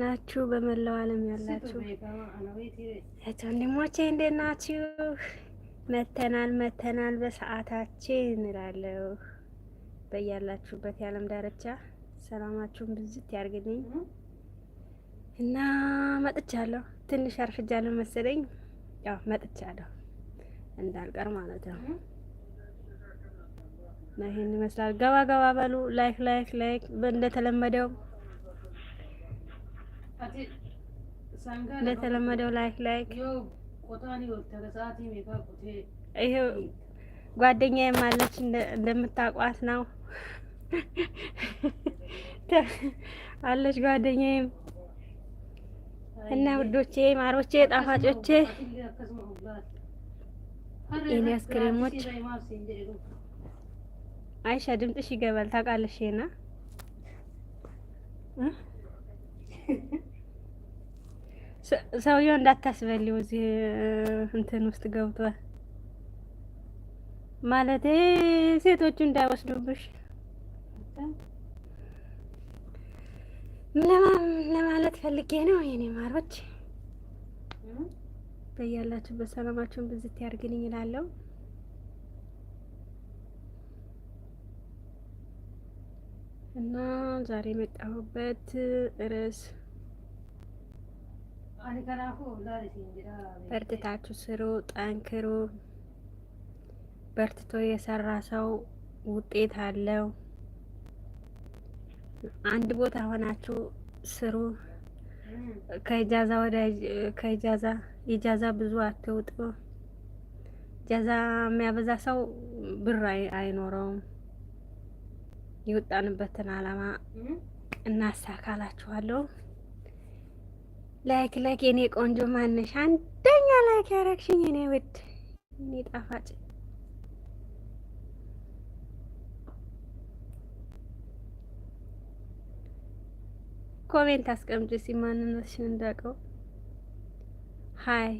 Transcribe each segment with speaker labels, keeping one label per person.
Speaker 1: ናችሁ በመላው ዓለም ያላችሁ ወንድሞቼ እንዴት ናችሁ? መተናል መተናል በሰዓታችን እንላለሁ። በያላችሁበት የዓለም ዳርቻ ሰላማችሁን ብዝት ያርግልኝ እና መጥቻለሁ። ትንሽ አርፍጃለሁ መሰለኝ። ያው መጥቻለሁ እንዳልቀር ማለት ነው። ይህን ይመስላል። ገባ ገባ በሉ ላይክ ላይክ ላይክ እንደተለመደው እንደተለመደው ላይክ ላይክ ይሄ ጓደኛ የማለች እንደምታውቋት ነው አለች ጓደኛዬም እና ውዶቼ ማሮቼ ጣፋጮቼ የኔ አስክሬሞች አይሻ ድምጥሽ ይገባል ታውቃለሽ ና ሰውየው እንዳታስበሊው እዚህ እንትን ውስጥ ገብቷል ማለት ሴቶቹ እንዳይወስዱብሽ። ለማለት ፈልጌ ነው የኔ ማሮች፣ በያላችሁበት ሰላማችሁን ብዝት ያርግልኝ ይላለው። እና ዛሬ የመጣሁበት ርዕስ በርትታችሁ ስሩ፣ ጠንክሩ። በርትቶ የሰራ ሰው ውጤት አለው። አንድ ቦታ ሆናችሁ ስሩ። ከእጃዛ ወደ ከእጃዛ እጃዛ ብዙ አትውጡ። እጃዛ የሚያበዛ ሰው ብር አይኖረውም። የወጣንበትን አላማ እናሳካላችኋለሁ። ላይክ ላይክ የኔ ቆንጆ ማነሽ አንደኛ ላይክ ያረግሽኝ የኔ ውድ የኔ ጣፋጭ ኮሜንት አስቀምጪ እስኪ ማንነትሽን እንዳውቀው። ሀይ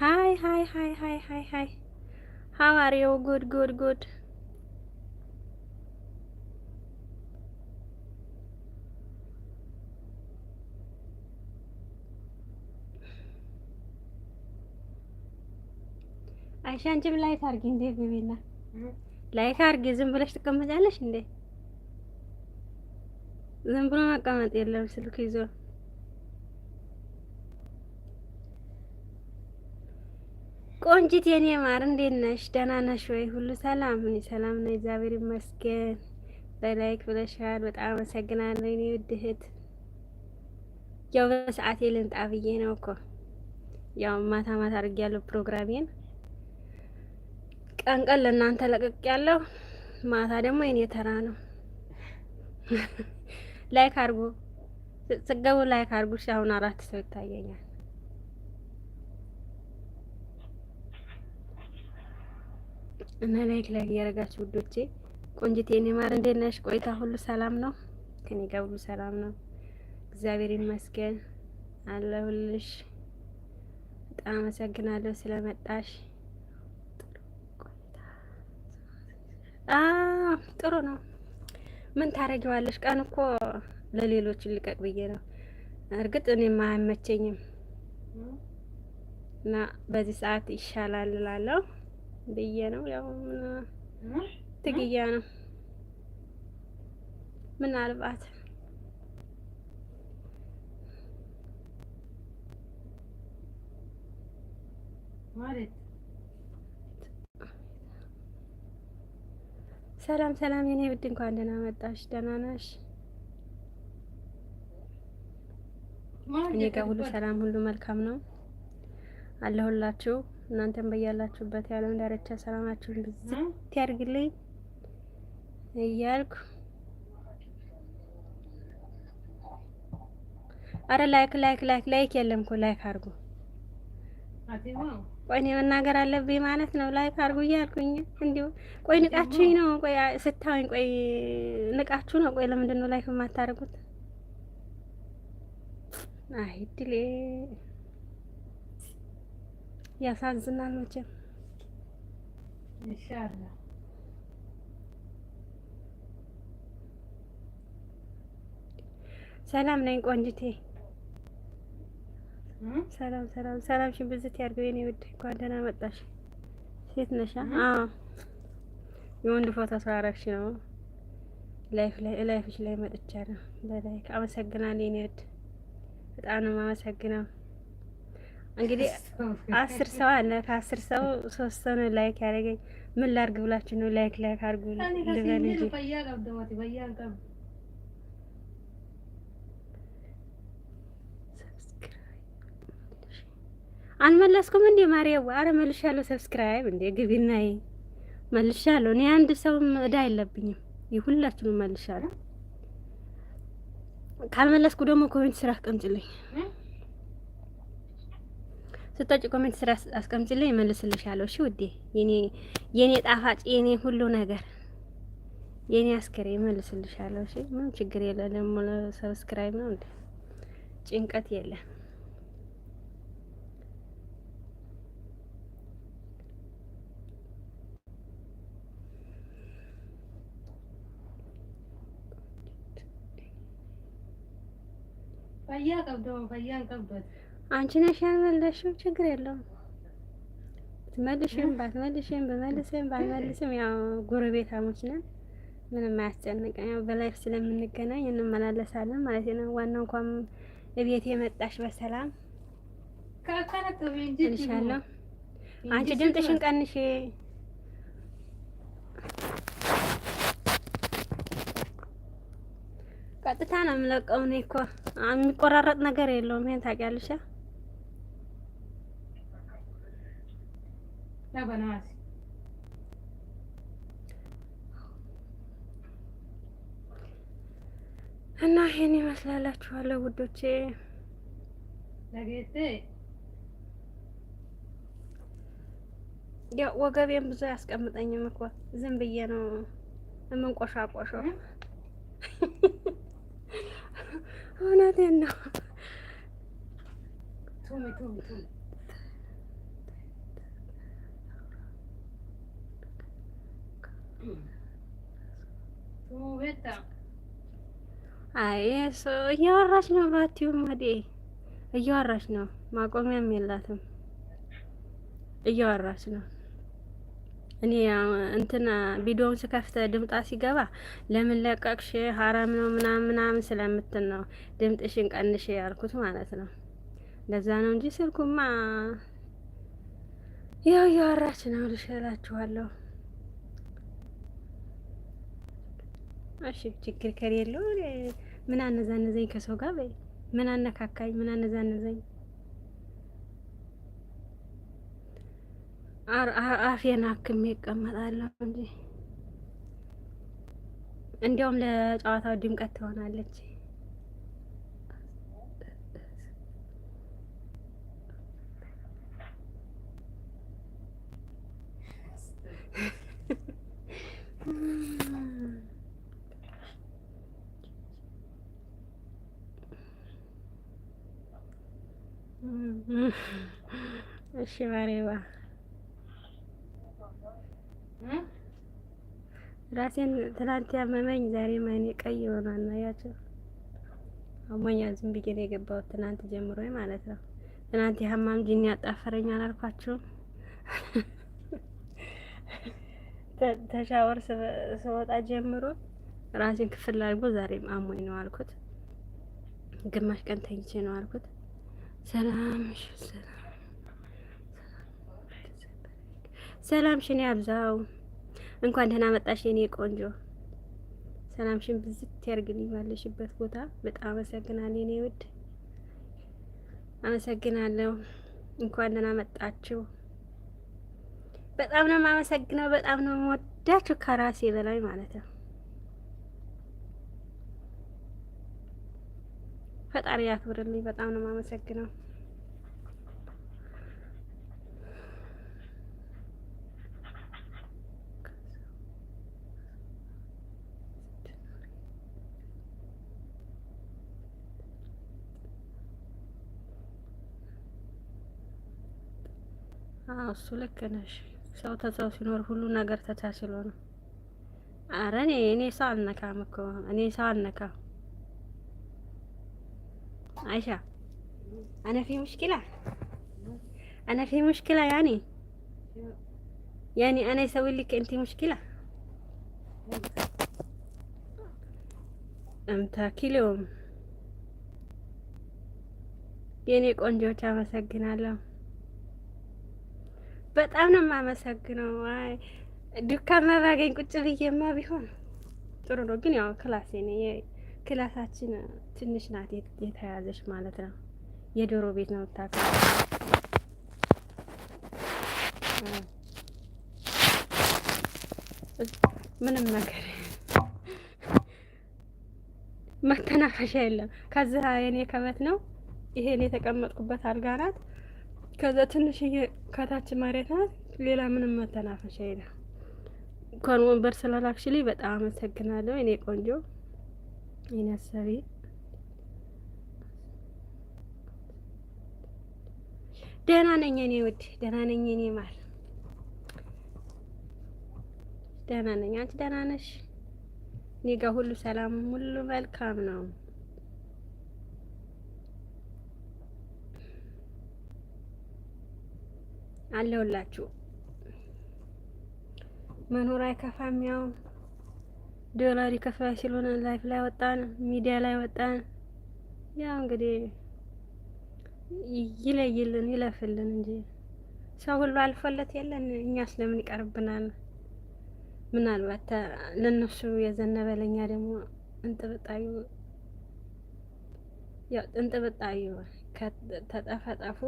Speaker 1: ሀይ ሀይ ሀይ ሀይ ሀይ ሀይ ሀዋሪው ጉድ ጉድ ጉድ አይሻ አንቺም ላይክ አድርጊ እንዴ ቢቢና ላይክ አድርጊ። ዝም ብለሽ ትቀመጫለሽ እንዴ? ዝም ብሎ መቀመጥ የለም ስልክ ይዞ ቆንጂት የኔ ማር እንዴት ነሽ? ደህና ነሽ ወይ? ሁሉ ሰላም? እኔ ሰላም ነኝ፣ እግዚአብሔር ይመስገን። በላይክ ብለሻል፣ በጣም አመሰግናለሁ የኔ ውድ እህት። ያው በሰዓቴ ልንጣ ብዬ ነው እኮ ያው ማታ ማታ አድርጊያለሁ ፕሮግራሜን ቀን ቀን ለእናንተ ለቅቅ ያለው ማታ ደግሞ የኔ ተራ ነው። ላይክ አርጉ ስገቡ ላይክ አርጉ። አሁን አራት ሰው ይታየኛል። እና ላይክ ላይክ እያደረጋችሁ ውዶቼ ቆንጅቴ የኔ ማር እንዴት ነሽ? ቆይታ ሁሉ ሰላም ነው? ከኔ ጋር ሁሉ ሰላም ነው፣ እግዚአብሔር ይመስገን አለሁልሽ። በጣም አመሰግናለሁ ስለመጣሽ ጥሩ ነው። ምን ታረጊዋለሽ? ቀን እኮ ለሌሎች ልቀቅ ብዬ ነው። እርግጥ እኔም አይመቸኝም እና በዚህ ሰዓት ይሻላል እላለሁ ብዬ ነው። ያው ትግያ ነው። ምናልባት ማለት ሰላም ሰላም፣ የኔ ውድ እንኳን ደህና መጣሽ። ደህና ነሽ? እኔ ጋር ሁሉ ሰላም፣ ሁሉ መልካም ነው አለሁላችሁ። እናንተም በያላችሁበት ያለውን ዳርቻ ሰላማችሁን ብዝት ያድርግልኝ እያልኩ አረ ላይክ ላይክ ላይክ ላይክ የለም እኮ ላይክ አድርጉ ቆይ እኔ መናገር አለብኝ ማለት ነው። ላይክ አድርጉ እያልኩኝ እንዲሁ ቆይ ንቃችሁኝ ነው። ቆይ ስታዩኝ፣ ቆይ ንቃችሁ ነው። ቆይ ለምንድን ነው ላይክ የማታደርጉት? አይ ድሌ ያሳዝናል መቼም ኢንሻአላህ ሰላም ነኝ ቆንጅቴ ሰላም ሰላም ሰላም። ሽን ብዝት ያርገው የኔ ውድ፣ እንኳን ደህና መጣሽ። ሴት ነሻ? አዎ። የወንድ ፎቶ ሳረግሽ ነው ላይፍ ላይ ላይፍሽ ላይ መጥቻለሁ። በላይክ አመሰግናለሁ የኔ ውድ፣ በጣም ነው የማመሰግነው። እንግዲህ አስር ሰው አለ። ከአስር ሰው ሶስት ሰው ነው ላይክ ያደረገኝ። ምን ላርግ ብላችሁ ነው ላይክ ላይክ አድርጉ ልበል እንጂ አልመለስኩም እንዴ ማርያም? አረ መልሻለሁ። ሰብስክራይብ እንዴ ግቢና መልሻለሁ። እኔ አንድ ሰውም እዳ የለብኝም። ይሁላችሁም መልሻለሁ። ካልመለስኩ ደግሞ ኮሜንት ስራ አስቀምጭልኝ። ስታጭ ኮሜንት ስራ አስቀምጭልኝ፣ መልስልሻለሁ። እሺ ውዴ፣ የኔ ጣፋጭ፣ የኔ ሁሉ ነገር፣ የኔ አስከሬ፣ መልስልሻለሁ። እሺ ምንም ችግር የለ። ደግሞ ሰብስክራይብ ነው እንዴ ጭንቀት የለም። አንቺ ነሽ ያልመለሽው። ችግር የለውም ትመልሽም ባትመልሽም ብመልስም ባትመልስም ያው ጎረቤታሞች ነን። ምንም አያስጨንቅም። ያው በላይፍ ስለምንገናኝ እንመላለሳለን ማለት ነው። ዋና እንኳን እቤት የመጣሽ በሰላም
Speaker 2: እንልሻለሁ።
Speaker 1: አንቺ ድምፅሽን ቀንሽ። ቀጥታ ነው የምለቀው። እኔ እኮ የሚቆራረጥ ነገር የለውም። ይሄን ታውቂያለሽ። እና ይሄን ይመስላላችኋለሁ ውዶቼ። ያው ወገቤን ብዙ አያስቀምጠኝም እኮ ዝም ብዬ ነው የምንቆሻቆሸው። እውነቴን ነው። አይ እሱ እያወራች ነው። ባትዩም ወዴ እያወራች ነው። ማቆሚያም የላትም። እያወራች ነው እኔ እንትን ቪዲዮውን ስከፍተ ድምጣ ሲገባ ለምን ለቀቅሽ ሀረም ነው ምናምን ምናምን ስለምትን ነው ድምጥሽን ቀንሽ ያልኩት ማለት ነው። ለዛ ነው እንጂ ስልኩማ ያው እያወራች ነው ልሸላችኋለሁ። እሺ ችግር ከሌለው ምን አነዛነዘኝ ከሰው ጋር በይ ምን አነካካኝ ምን አነዛነዘኝ አፌን አክሜ እቀመጣለሁ እንጂ እንዲያውም ለጨዋታው ድምቀት ትሆናለች። እሺ ማሬባ ራሴን ትናንት ያመመኝ ዛሬ ማኔ ቀይ ሆኗል። አያቸው አሞኛ ዝም ብዬ ነው የገባሁት ትናንት ጀምሮ ማለት ነው። ትናንት የሀማም ጂኒ ያጣፈረኝ አላልኳችሁም? ተሻወር ስወጣ ጀምሮ ራሴን ክፍል አድርጎ ዛሬም አሞኝ ነው አልኩት። ግማሽ ቀን ተኝቼ ነው አልኩት። ሰላም ሰላም ሰላም ሽን ያብዛው እንኳን ደህና መጣሽ የኔ ቆንጆ። ሰላምሽን ብዝት ያርግልኝ ባለሽበት ቦታ። በጣም አመሰግናለሁ የኔ ውድ አመሰግናለሁ። እንኳን ደህና መጣችሁ። በጣም ነው የማመሰግነው። በጣም ነው የምወዳችሁ ከራሴ በላይ ማለት ነው። ፈጣሪ ያክብርልኝ። በጣም ነው የማመሰግነው። እሱ ልክ ነሽ። ሰው ተሰው ሲኖር ሁሉ ነገር ተቻችሎ ነው። አረ እኔ እኔ ሰው አልነካም እኮ እኔ ሰው አልነካም። አይሻ አነ ፊ ሙሽኪላ አነ ፊ ሙሽኪላ ያኔ ያኔ አነ ሰው ልክ እንቲ ሙሽኪላ እምታኪሎም የኔ ቆንጆች አመሰግናለሁ። በጣም ነው የማመሰግነው። አይ ድካም ባገኝ ቁጭ ብዬማ ቢሆን ጥሩ ነው፣ ግን ያው ክላሴ ነው ክላሳችን ትንሽ ናት የተያዘች ማለት ነው። የዶሮ ቤት ነው ታ ምንም ነገር መተናፈሻ የለም። ከዚህ የኔ ከበት ነው ይሄን የተቀመጥኩበት አልጋ ናት። ከዛ ትንሽዬ ከታች መሬት ናት። ሌላ ምንም መተናፈሻ የለ። እንኳን ወንበር ስላላክሽልኝ በጣም አመሰግናለሁ። እኔ ቆንጆ ይነሰቢ አሰቢ ደህና ነኝ። እኔ ውድ ደህና ነኝ። እኔ ማር ደህና ነኝ። አንቺ ደህና ነሽ? እኔ ጋር ሁሉ ሰላም፣ ሁሉ መልካም ነው። አለሁላችሁ። መኖር አይከፋም። ያው ዶላር ይከፍላል ሲሉን ላይፍ ላይ ወጣን፣ ሚዲያ ላይ ወጣን። ያው እንግዲህ ይለይልን ይለፍልን እንጂ ሰው ሁሉ አልፎለት የለን እኛ ስለምን ይቀርብናል? ምናልባት ለነሱ የዘነበ ለኛ ደግሞ እንጥብጣዩ ያው እንጥብጣዩ ከተጠፈጠፉ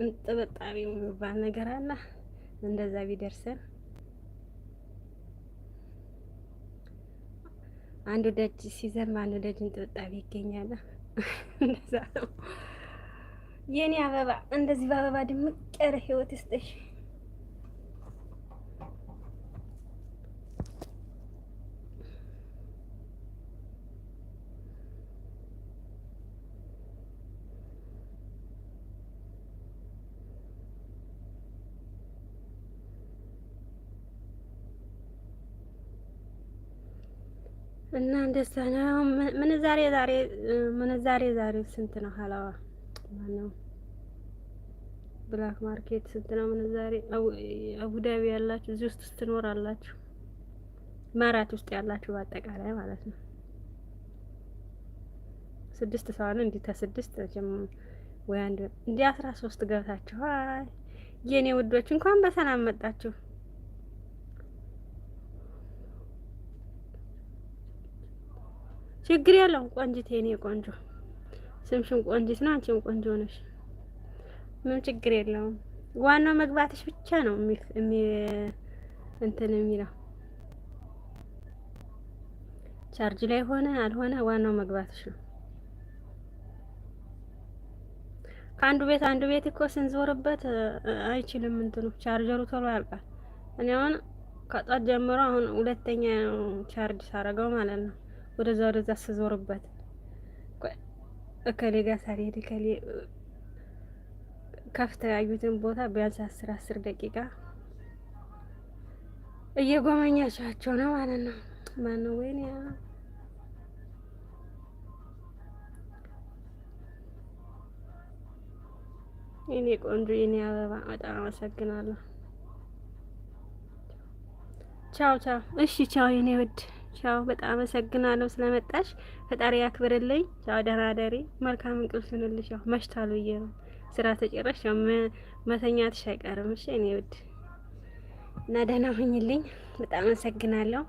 Speaker 1: እንጥብጣቢ የሚባል ነገር አለ። እንደዛ ቢደርሰን አንዱ ደጅ ሲዘንብ አንዱ ደጅ እንጥብጣቢ ይገኛል። እንደዛ ነው የኔ አበባ። እንደዚህ በአበባ ድምቅ ያለ ህይወት ይስጥሽ። እና እንደዛ ነው። ምንዛሬ ዛሬ ምን ዛሬ ዛሬ ስንት ነው? ሀላዋ ማነው ብላክ ማርኬት ስንት ነው? ምን ምንዛሬ አቡዳቢ ያላችሁ እዚህ ውስጥ ስትኖር አላችሁ ማራት ውስጥ ያላችሁ በአጠቃላይ ማለት ነው። ስድስት ነው እንዴ? ተስድስት ጀም ወይ አንድ እንዴ? አስራ ሶስት ገብታችኋል የኔ ውዶች፣ እንኳን በሰላም መጣችሁ። ችግር የለውም። ቆንጅት የኔ ቆንጆ ስምሽን ቆንጅት ነው፣ አንቺም ቆንጆ ነሽ። ምን ችግር የለውም። ዋናው መግባትሽ ብቻ ነው እንትን የሚለው ቻርጅ ላይ ሆነ አልሆነ ዋናው መግባትሽ ነው። ከአንዱ ቤት አንዱ ቤት እኮ ስንዞርበት አይችልም እንትኑ ቻርጀሩ ቶሎ ያልቃል። እኔ አሁን ከጧት ጀምሮ አሁን ሁለተኛ ቻርጅ ሳረገው ማለት ነው ወደዛ ወደዛ ስዞርበት እከሌ ጋር ሳልሄድ እከሌ ከፍተ ያዩትን ቦታ ቢያንስ አስር አስር ደቂቃ እየጎመኛቸው ነው ማለት ነው። ማነው ወይኔ የኔ ቆንጆ የኔ አበባ በጣም አመሰግናለሁ። ቻው ቻው። እሺ ቻው የኔ ውድ ቻው። በጣም አመሰግናለሁ ስለመጣሽ። ፈጣሪ ያክብርልኝ። ቻው። ደህና ደሪ። መልካም እንቅልፍ ይሁንልሽ። ያው መሽታሉ ብዬ ነው ስራ ተጨረሽ፣ ያው መተኛትሽ አይቀርም። እሺ እኔ ውድ እና ደህና ሁኝልኝ። በጣም አመሰግናለሁ።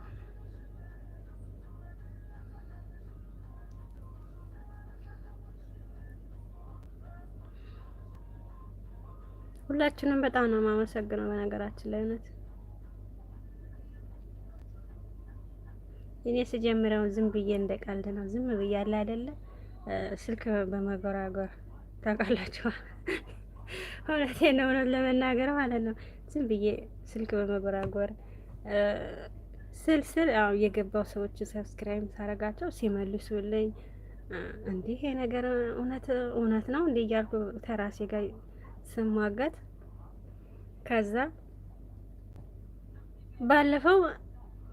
Speaker 1: ሁላችንም በጣም ነው የማመሰግነው በነገራችን ላይ እውነት እኔ ስጀምረው ዝም ብዬ እንደ ቀልድ ነው ዝም ብዬ አለ አይደለ ስልክ በመጎራጎር ታውቃላችሁ። እውነቴን ነው ለመናገር ማለት ነው። ዝም ብዬ ስልክ በመጎራጎር ስል ስል ያው የገባው ሰዎች ሰብስክራይብ ሳረጋቸው ሲመልሱልኝ እንዲህ የነገር እውነት እውነት ነው እንዲህ እያልኩ ተራሴ ጋር ስሟገት ከዛ ባለፈው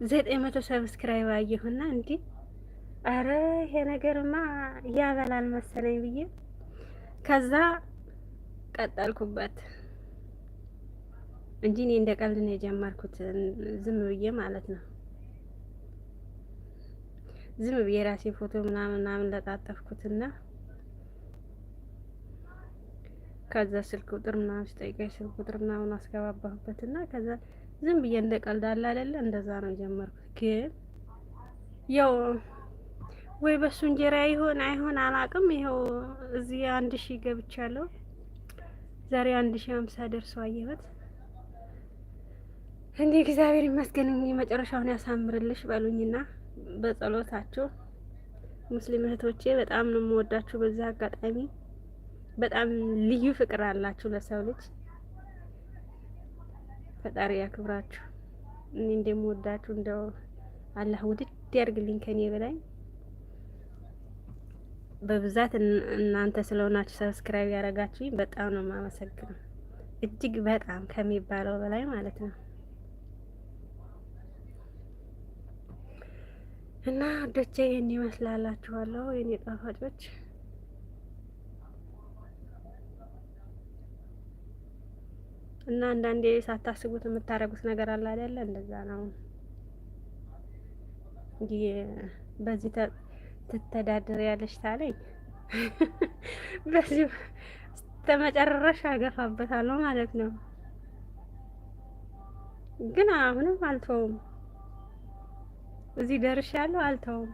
Speaker 1: ዘጠኝ መቶ ሰብስክራይብ አየሁና እንዲ አረ ይሄ ነገርማ ያበላል መሰለኝ ብዬ ከዛ ቀጠልኩበት እንጂ እኔ እንደ ቀልድ ነው የጀመርኩት። ዝም ብዬ ማለት ነው ዝም ብዬ ራሴ ፎቶ ምናምን ምናምን ለጣጠፍኩትና ከዛ ስልክ ቁጥር ምናምን ስጠይቀኝ ስልክ ቁጥር ምናምን አስገባባሁበትና ከዛ ዝም ብዬ እንደ ቀልድ አለ አይደለ እንደዛ ነው የጀመርኩት። ግን ያው ወይ በሱ እንጀራ ይሆን አይሆን አላውቅም። ይኸው እዚህ አንድ ሺህ ገብቻለሁ ዛሬ አንድ ሺህ ሀምሳ ደርሶ አየሁት። እንዲህ እግዚአብሔር ይመስገን። እንግዲህ መጨረሻውን ያሳምርልሽ በሉኝና በጸሎታችሁ ሙስሊም እህቶቼ በጣም ነው የምወዳችሁ። በዚህ አጋጣሚ በጣም ልዩ ፍቅር አላችሁ ለሰው ልጅ ፈጣሪ ያክብራችሁ። እኔ እንደምወዳችሁ እንደው አላህ ውድድ ያርግልኝ ከኔ በላይ በብዛት እናንተ ስለሆናችሁ ሰብስክራይብ ያደረጋችሁኝ በጣም ነው የማመሰግነው። እጅግ በጣም ከሚባለው በላይ ማለት ነው። እና ወዶቼ ይህን ይመስላላችኋለሁ የኔ ጣፋጮች። እና አንዳንዴ ሳታስቡት የምታደርጉት ነገር አለ አይደለ? እንደዛ ነው። በዚህ ትተዳደር ያለሽ ታለኝ፣ በዚህ ተመጨረሻ አገፋበታለሁ ማለት ነው። ግን አሁንም አልተውም፣ እዚህ ደርሻለሁ፣ አልተውም።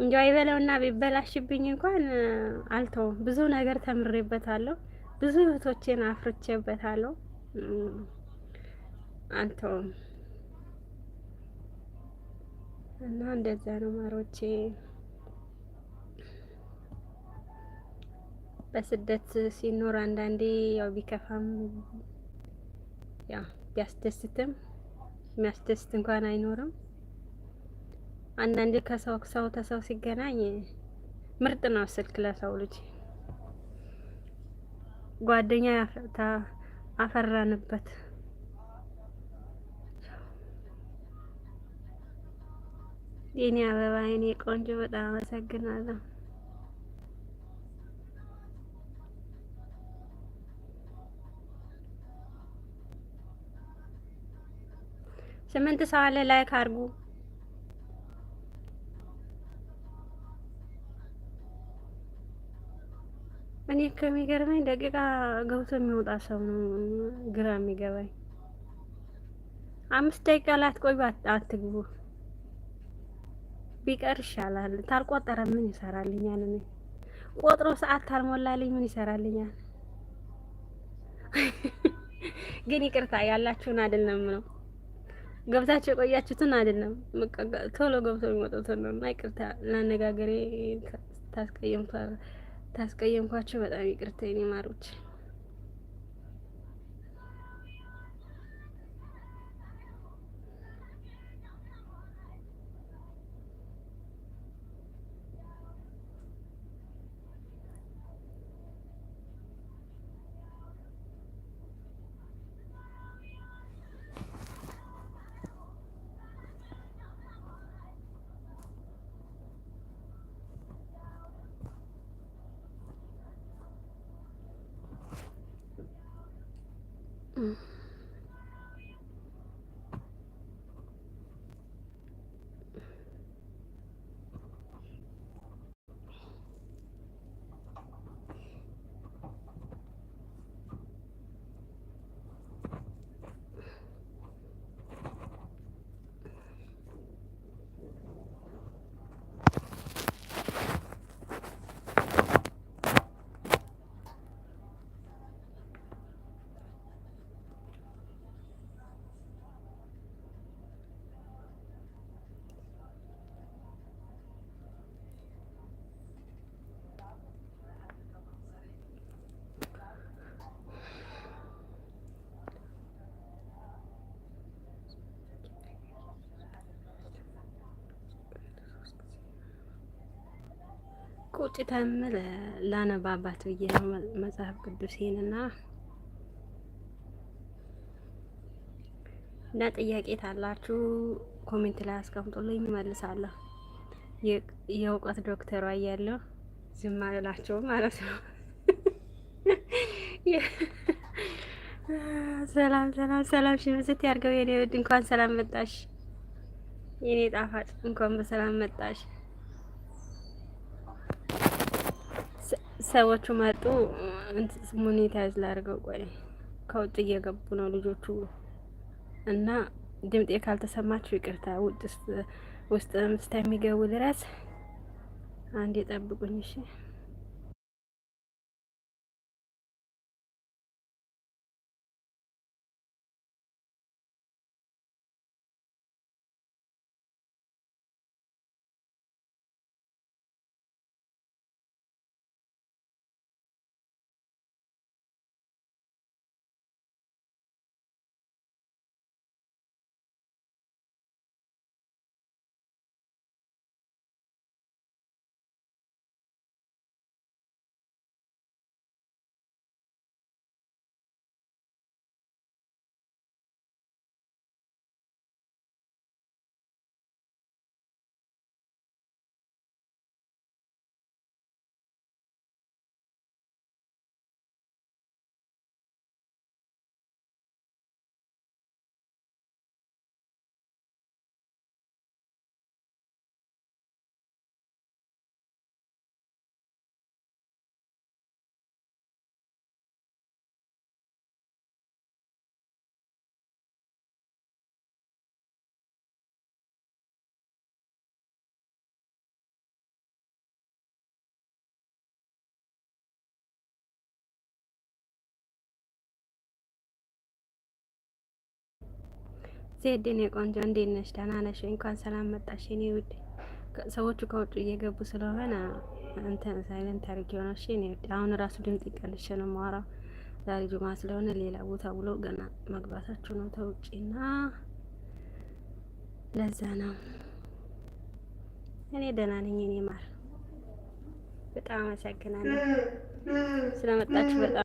Speaker 1: እንጂ አይበለውና ቢበላሽብኝ እንኳን አልተው ብዙ ነገር ተምሬበታለሁ። ብዙ እህቶቼን አፍርቼበታለሁ። አልተውም እና እንደዛ ነው ማሮቼ። በስደት ሲኖር አንዳንዴ ያው ቢከፋም ያው ቢያስደስትም የሚያስደስት እንኳን አይኖርም። አንዳንዴ ከሰው ሰው ተሰው ሲገናኝ ምርጥ ነው ስልክ ለሰው ልጅ ጓደኛ ያፈታ አፈራንበት። የኔ አበባ የኔ ቆንጆ በጣም አመሰግናለሁ። ስምንት ሰው አለ ላይክ አድርጉ። እኔ ከሚገርመኝ ደቂቃ ገብቶ የሚወጣ ሰው ነው ግራ የሚገባኝ። አምስት ደቂቃ ላት ቆዩ አትግቡ፣ ቢቀር ይሻላል። ታልቆጠረ ምን ይሰራልኛል? እኔ ቆጥሮ ሰዓት ታልሞላልኝ ምን ይሰራልኛል? ግን ይቅርታ ያላችሁን አይደለም ነው ገብታችሁ የቆያችሁትን አይደለም ቶሎ ገብቶ የሚወጡትን ነው እና ይቅርታ ለአነጋገሬ ታስቀየምቷል። ታስቀየምኳቸው በጣም ይቅርታ የኔ ማሮች። Mm. ቁጭ ተምል ላነባባት ብዬ ነው መጽሐፍ ቅዱሴን እና እና ጥያቄ ታላችሁ ኮሜንት ላይ አስቀምጡልኝ፣ እመልሳለሁ። የእውቀት ዶክተሯ አያለሁ ዝም አልላቸውም ማለት ነው። ሰላም ሰላም ሰላም፣ ሺህ ምስት ያድርገው የኔ ውድ። እንኳን ሰላም መጣሽ የኔ ጣፋጭ፣ እንኳን በሰላም መጣሽ። ሰዎቹ መጡ። ሞኔታይዝ ላድርገው። ቆይ ከውጭ እየገቡ ነው ልጆቹ እና ድምጤ ካልተሰማችሁ ይቅርታ። ውጭ ውስጥ እስከሚገቡ የሚገቡ ድረስ አንድ የጠብቁኝ እሺ። ዜድን የቆንጆ እንዴት ነሽ? ደህና ነሽ? እንኳን ሰላም መጣሽ የኔ ውድ። ሰዎቹ ከውጭ እየገቡ ስለሆነ እንትን ሳይለንት አድርጌ ሆነው እሺ። እኔ ውድ አሁን ራሱ ድምጽ ይቀንሽ ነው ማራ ዛሬ ጁማ ስለሆነ ሌላ ቦታ ብሎ ገና መግባታችሁ ነው ተውጪና፣ ለዛ ነው እኔ ደህና ነኝ። እኔ ማር በጣም አመሰግናለሁ ስለመጣችሁ በጣም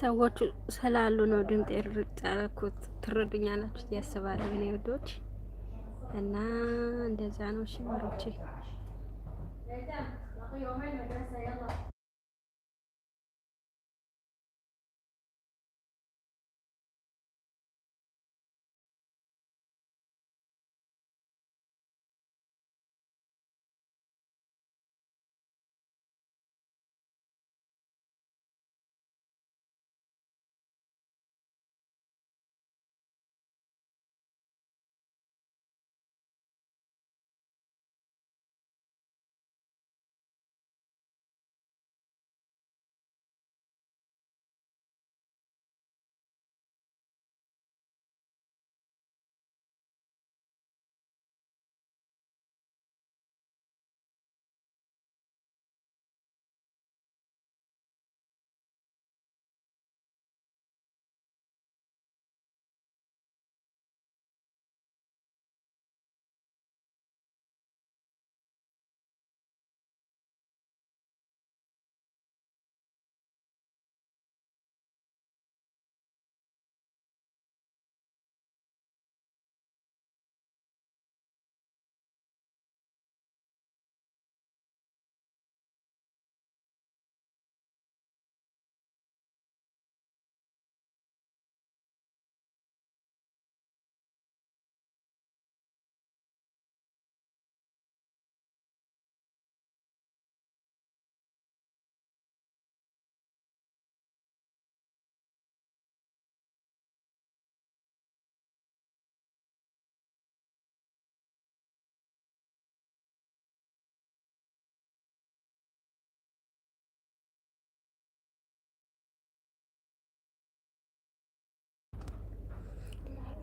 Speaker 1: ሰዎቹ ስላሉ ነው ድምጤ ርጭ ያደረኩት። ትረዱኛላችሁ እያስባለሁ እኔ ውዶች እና እንደዛ ነው ሽማሮቼ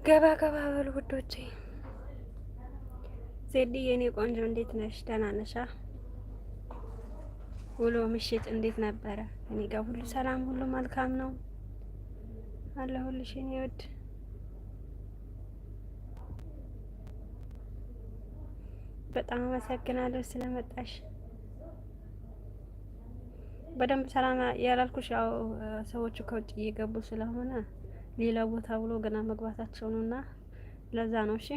Speaker 1: ገባ ገባ በሉ ውዶቼ። ዜድ የኔ ቆንጆ እንዴት ነሽ? ደህና ነሻ? ውሎ ምሽት እንዴት ነበረ? እኔ ጋር ሁሉ ሰላም፣ ሁሉ መልካም ነው አለ አለሁልሽ የኔ ውድ። በጣም አመሰግናለሁ ስለመጣሽ። በደንብ ሰላም ያላልኩሽ ያው ሰዎቹ ከውጭ እየገቡ ስለሆነ ሌላ ቦታ ብሎ ገና መግባታቸው ነው እና ለዛ ነው እሺ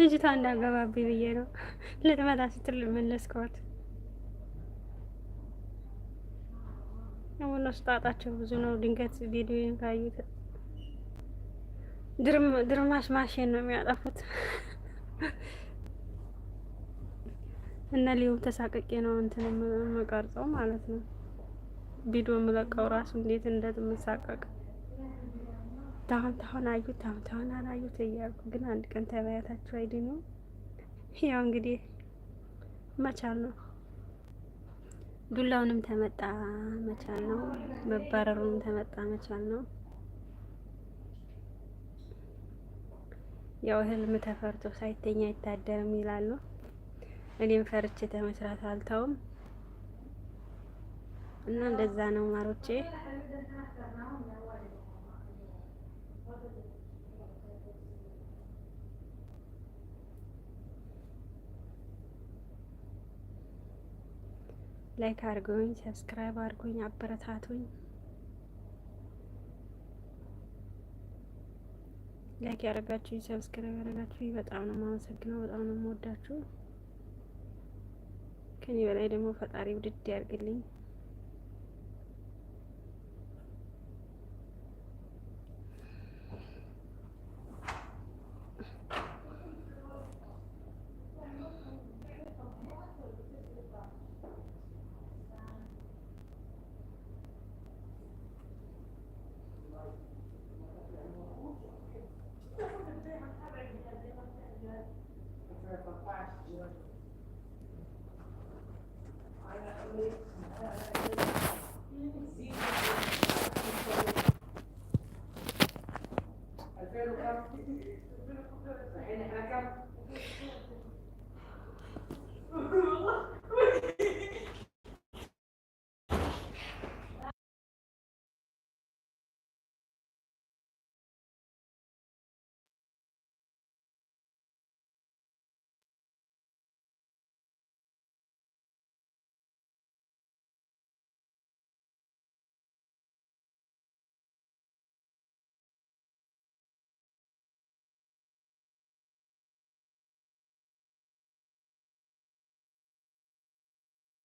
Speaker 1: ልጅቷ እንዳገባብኝ ብዬ ነው ልትመጣ ስትል መለስከዋት። አሁን ስጣጣቸው ብዙ ነው። ድንገት ቪዲዮን ካዩት ድርማሽ ማሽን ነው የሚያጠፉት። እና ሊሁም ተሳቀቄ ነው እንትን መቀርጸው ማለት ነው ቪዲዮ የምለቀው ራሱ እንዴት እንደምሳቀቅ ታሁን ታሁን አዩት ታሁን ታሁን አላዩት እያልኩ ግን አንድ ቀን ተበያታችሁ አይድኑ። ያው እንግዲህ መቻል ነው፣ ዱላውንም ተመጣ መቻል ነው፣ መባረሩንም ተመጣ መቻል ነው። ያው ህልም ተፈርቶ ሳይተኛ አይታደርም ይላሉ። እኔም ፈርቼ ተመስራት አልተውም እና እንደዛ ነው ማሮቼ ላይክ አድርጉኝ፣ ሰብስክራይብ አድርጉኝ፣ አበረታቱኝ። ላይክ ያደረጋችሁኝ ሰብስክራይብ ያደረጋችሁኝ በጣም ነው የማመሰግነው፣ በጣም ነው የምወዳችሁ። ከኔ በላይ ደግሞ ፈጣሪ ውድድ ያድርግልኝ።